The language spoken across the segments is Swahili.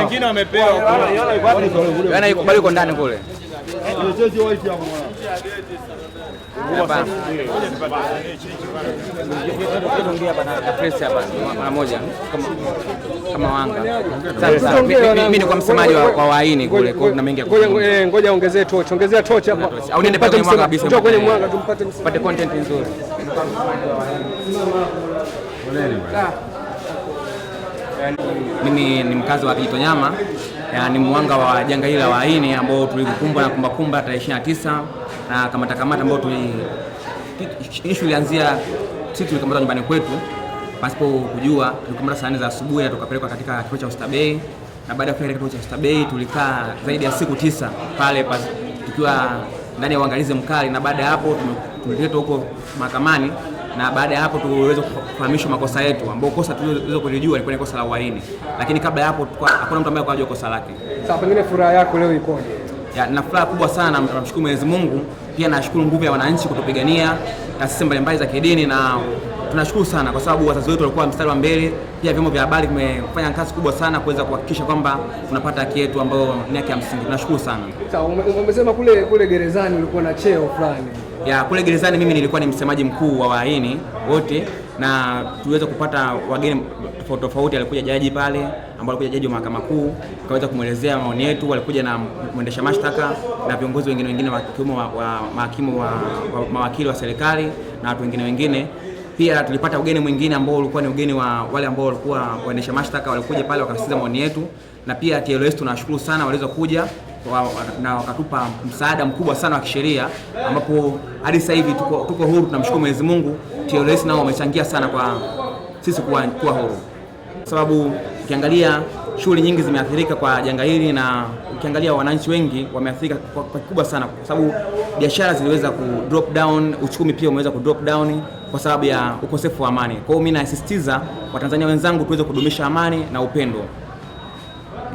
wengine wamepewa, anaikubali yaani uko ndani kule mara moja kama wanga. Mimi ni kwa msemaji wa waini kule, kuna mengi. Ngoja ongezee tochi, ongezea tochi hapa, au niende pale mwanga kabisa, njoo kwenye mwanga tumpate, content nzuri. Mimi ni mkazi wa Kijitonyama, ni mwanga wa janga hili la wahaini ambao tulikumbwa na kumbakumba tarehe 29 na kamatakamata kamata, ambao ishu ilianzia sisi tulikamata nyumbani kwetu pasipo kujua. tulikamata saa nne za asubuhi na tukapelekwa katika kituo cha ustabei na baada ya kufika kituo cha ustabei tulikaa zaidi ya siku tisa pale tukiwa ndani ya uangalizi mkali, na baada ya hapo tumeletwa huko mahakamani na baada ya hapo tuweze kufahamishwa makosa yetu, ambao kosa tuliweza kulijua ni kwenye kosa la uhaini, lakini kabla ya hapo hakuna mtu ambaye akajua kosa lake. Sasa pengine furaha yako leo ikoje? Ya, na furaha kubwa sana, namshukuru Mwenyezi Mungu, pia nashukuru nguvu ya wananchi kutupigania, taasisi mbalimbali za kidini na tunashukuru sana kwa sababu wazazi wetu walikuwa mstari wa mbele. Pia vyombo vya habari vimefanya kazi kubwa sana kuweza kuhakikisha kwamba tunapata haki yetu ambayo ni haki ya msingi. Tunashukuru sana. Umesema kule kule gerezani ulikuwa na cheo fulani ya kule gerezani. Mimi nilikuwa ni msemaji mkuu wa waaini wote, na tuweza kupata wageni tofauti tofauti. Alikuja jaji pale ambao alikuja jaji wa mahakama kuu, tukaweza kumwelezea maoni yetu. Walikuja na mwendesha mashtaka na viongozi wengine wengine wakiwemo wa mahakimu wa mawakili wa serikali na watu wengine wengine pia tulipata ugeni mwingine ambao ulikuwa ni ugeni wa wale ambao walikuwa waendesha mashtaka, walikuja pale wakasikiza maoni yetu, na pia TLS tunawashukuru sana waliweza kuja na wakatupa msaada mkubwa sana wa kisheria, ambapo hadi sasa hivi tuko, tuko huru. Tunamshukuru Mwenyezi Mungu. TLS nao wamechangia sana kwa sisi kuwa, kuwa huru, kwa sababu ukiangalia shughuli nyingi zimeathirika kwa janga hili, na ukiangalia wananchi wengi wameathirika kwa kikubwa sana, kwa sababu biashara ziliweza ku drop down, uchumi pia umeweza ku drop down kwa sababu ya ukosefu wa amani. Kwa hiyo mimi nasisitiza Watanzania wenzangu tuweze kudumisha amani na upendo.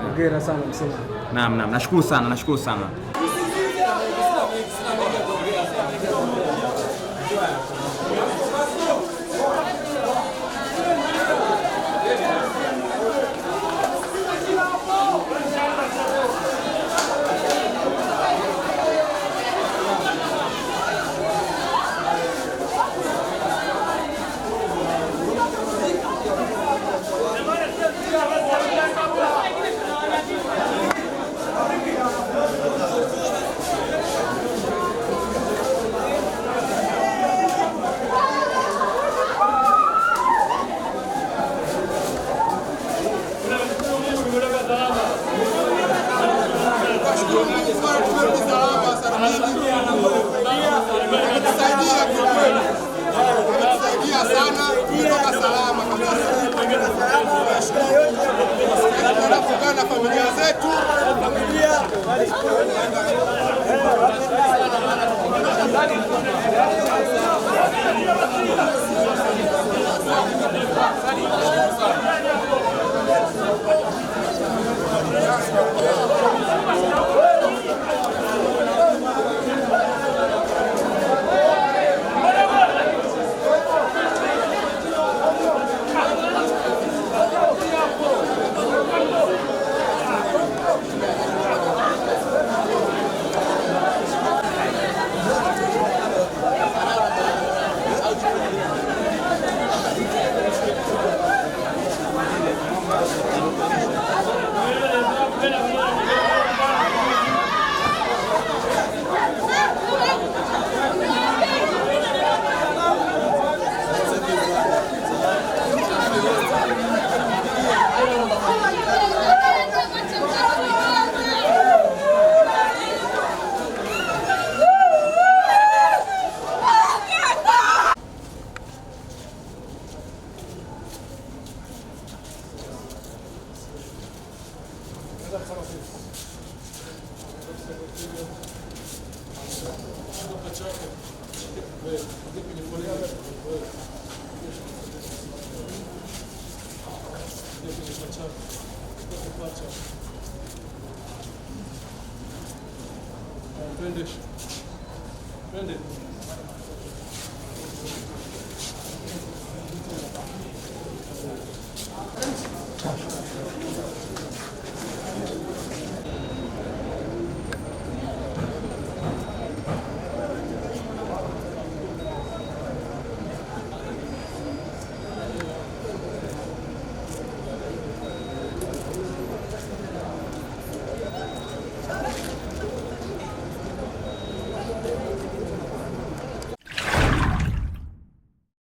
Hongera sana msema. Naam, naam, nashukuru sana, nashukuru sana. na familia zetu familia Döndür. Döndür.